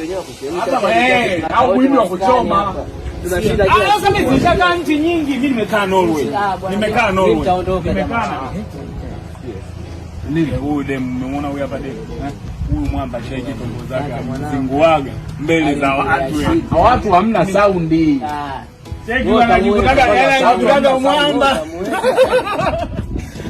wenyewe kuchemsha au wimbi wa Nimeshakaa nchi nyingi, mimi nimekaa Norway, nimekaa Norway, nimekaa huyu hapa demu huyu mwamba shaiji tongozaga zinguaga mbele za watu watu, hamna saundi, anajikutaga mwamba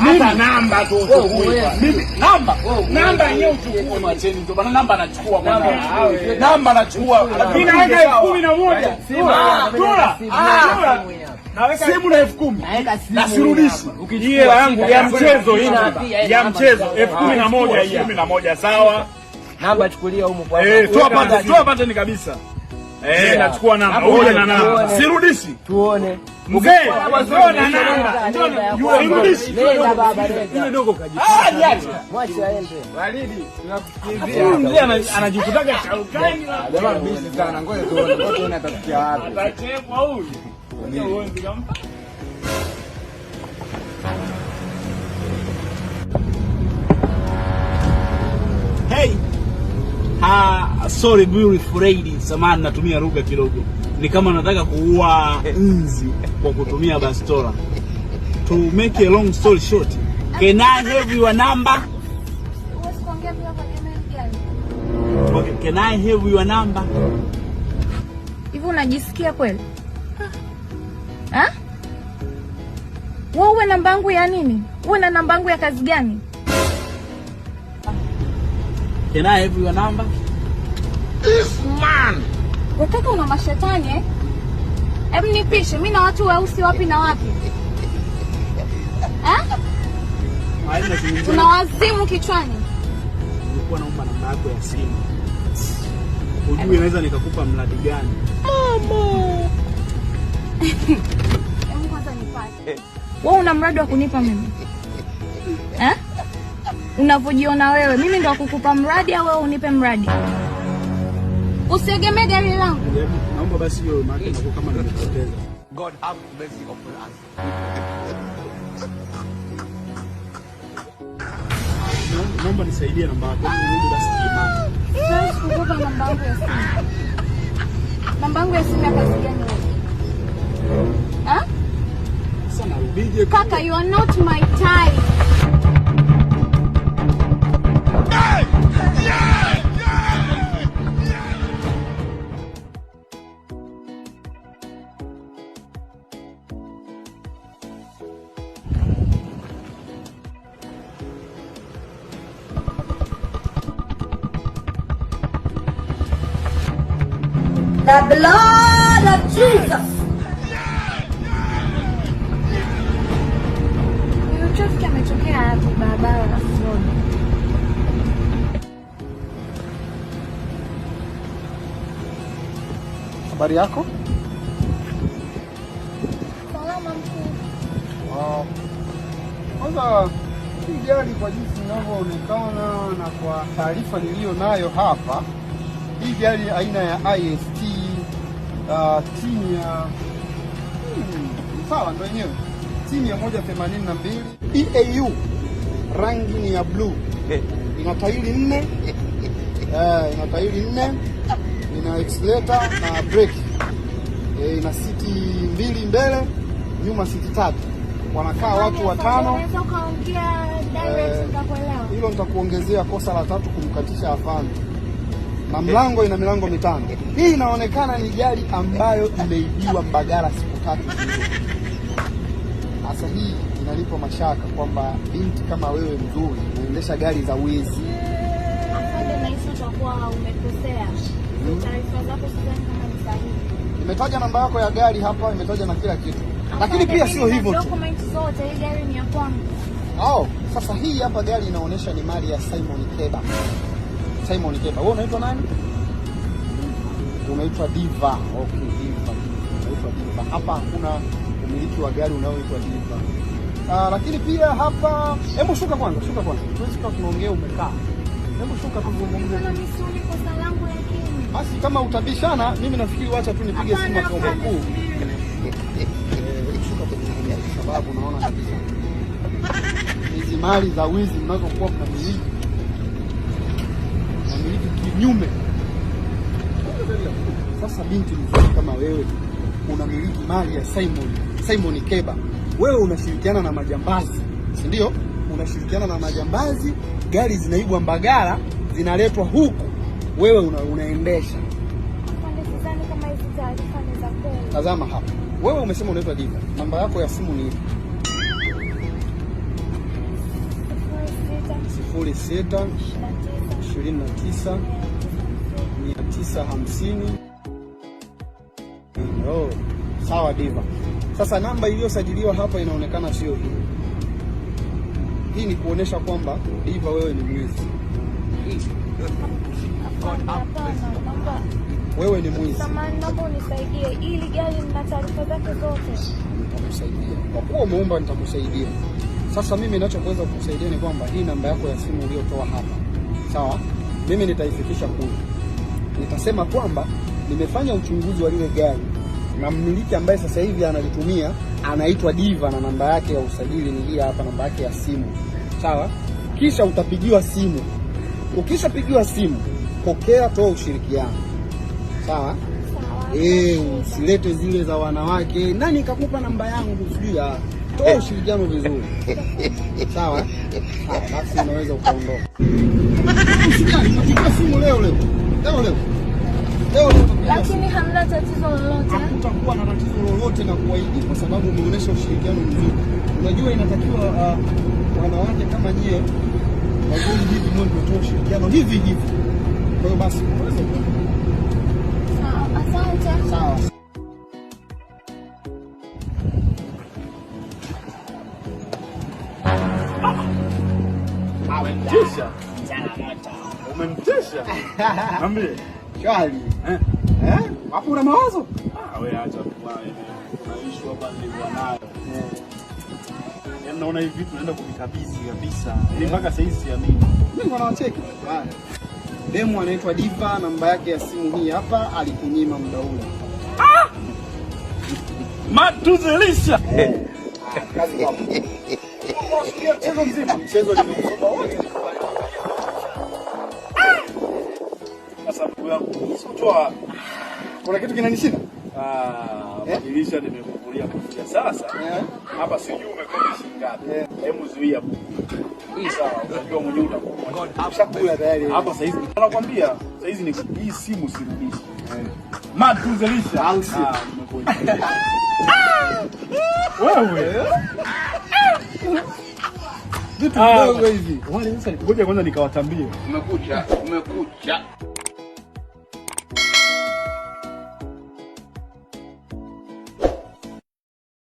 hata namba tu uchukue. Mimi namba namba yenyewe uchukue, macheni ndio bana, namba anachukua bwana, namba anachukua, mimi elfu kumi na moja dola ah, ah. simu na elfu kumi na sirudishi hela yangu ya mchezo ya mchezo elfu kumi na moja elfu ah, kumi na moja sawa, namba chukulia huko kwa eh, toa pande toa pande ni kabisa eh, nachukua namba, hoja na namba, sirudishi tuone. Hey. Ah, sorry beautiful lady. Samahani natumia lugha kidogo ni kama nataka kuua nzi kwa kutumia bastola. To make a long story short, can I have your number? can I have your number? Hivi unajisikia kweli? Ha? Wewe uwe namba yangu ya nini? Uwe na namba yangu ya kazi gani? Can I have your number? Watoto una mashetani eh? Hebu nipishe mimi na watu weusi wapi na wapi eh? wazimu kichwani. Nilikuwa naomba namba yako ya simu. Hujui naweza nikakupa mradi gani? Mama. Hebu kwanza nipate. Wewe una mradi wa kunipa mimi? Eh? Unavyojiona wewe, mimi ndo kukupa mradi au wewe unipe mradi? Usegemee langu. Naomba basi hiyo maana kama nimepoteza. God have mercy upon us. Naomba nisaidie namba yako. Namba yangu ya simu ya kazi gani? Kaka, you are not my type. The blood of Jesus. Habari yako? Salama mkuu. Wow. Kwanza hii gari kwa jinsi inavyoonekana na kwa taarifa niliyo nayo hapa, hii gari aina ya IST uh, chini ya mtawala hmm, ndo wenyewe chini ya 182. EAU rangi ni ya bluu, eh. ina tairi nne uh, ina tairi nne, ina accelerator na breki uh, eh, ina siti mbili mbele, nyuma siti tatu, wanakaa watu watano. Hilo uh, nitakuongezea kosa la tatu, kumkatisha afande na mlango ina milango mitano. Hii inaonekana ni gari ambayo imeibiwa Mbagala siku tatu sasa. Hii inanipa mashaka kwamba binti kama wewe mzuri unaendesha gari za wizi hmm? imetaja namba yako ya gari hapa, imetaja na kila kitu, lakini pia sio hivyo tu. Sasa hii hapa gari inaonyesha ni mali ya Simon Keba. Simon Zeba. Wewe unaitwa nani? Unaitwa Diva. Okay, Diva. Unaitwa Diva. Hapa hakuna umiliki wa gari unaoitwa Diva. Ah, lakini pia hapa, hebu shuka kwanza, shuka kwanza. Tuwezi kwa tunaongea umekaa. Hebu shuka tuzungumze. Basi kama utabishana, mimi nafikiri wacha tu nipige simu kwa mkuu. Shuka kwa sababu naona kabisa. Hizi mali za wizi mnazokuwa mnamiliki wamiliki kinyume. Sasa binti mzuri kama wewe unamiliki mali ya Simon, Simon Keba, wewe unashirikiana na majambazi, si ndio? Unashirikiana na majambazi, gari zinaibwa Mbagala zinaletwa huku, wewe una, unaendesha. Tazama hapa, wewe umesema unaitwa Diva, namba yako ya simu ni sifuri sita 29 mm, Oh, sawa Diva. Sasa namba iliyosajiliwa hapa inaonekana sio hii. Hii ni kuonesha kwamba Diva wewe ni mwizi. Wewe ni mwizi. Nitakusaidia. Kwa kuwa umeumba nitakusaidia. Sasa mimi ninachoweza kukusaidia ni kwamba hii namba yako ya simu uliyotoa hapa sawa, mimi nitaifikisha kule, nitasema kwamba nimefanya uchunguzi wa lile gari na mmiliki ambaye sasa hivi analitumia anaitwa Diva na namba yake ya usajili ni hii hapa, namba yake ya simu sawa. Kisha utapigiwa simu. Ukishapigiwa simu, pokea, toa ushirikiano sawa. Eh, usilete zile za wanawake, nani kakupa namba yangu, sijui ya toa ushirikiano vizuri sawa. Basi unaweza ukaondoka. Napiga simu leo leo leo leo leo, lakini hamna tatizo lolote. Eh? Hakutakuwa na tatizo lolote na kuahidi, kwa sababu umeonyesha ushirikiano mzuri. Unajua inatakiwa uh, wanawake kama nyie wazuri hivi ndio mtoe ushirikiano hivi hivi. Kwa hiyo basi Niambie. Shwari. Eh? Eh? Hapo una mawazo? Ah, wewe acha kwa wewe. Issue hapa nilikuwa nayo. Yaani naona hivi vitu naenda kuvikabisi kabisa. Ni mpaka sasa hizi siamini. Mimi ngona wacheki. Haya. Demu anaitwa Diva, namba yake ya simu hii hapa, alikunyima muda ule. Ah! Matuzelisha. Eh. Ah, kazi kwa. Mchezo mzima, mchezo nimekusoba wote. ndugu yangu, sikutoa. Kuna kitu kinanishinda badilisha, ah, eh? nimekukulia kufuja. sasa eh? hapa, sijui umekopa shilingi ngapi? Eh. Hebu zuia sawa, unajua mwenyewe utakuwa ushakula tayari hapa. Sasa hivi nakwambia, sasa hizi ni hii simu sirudishi matuzelisha au si ah, wewe vitu ah. vidogo hivi. Ngoja kwanza nikawatambie. Umekucha, umekucha.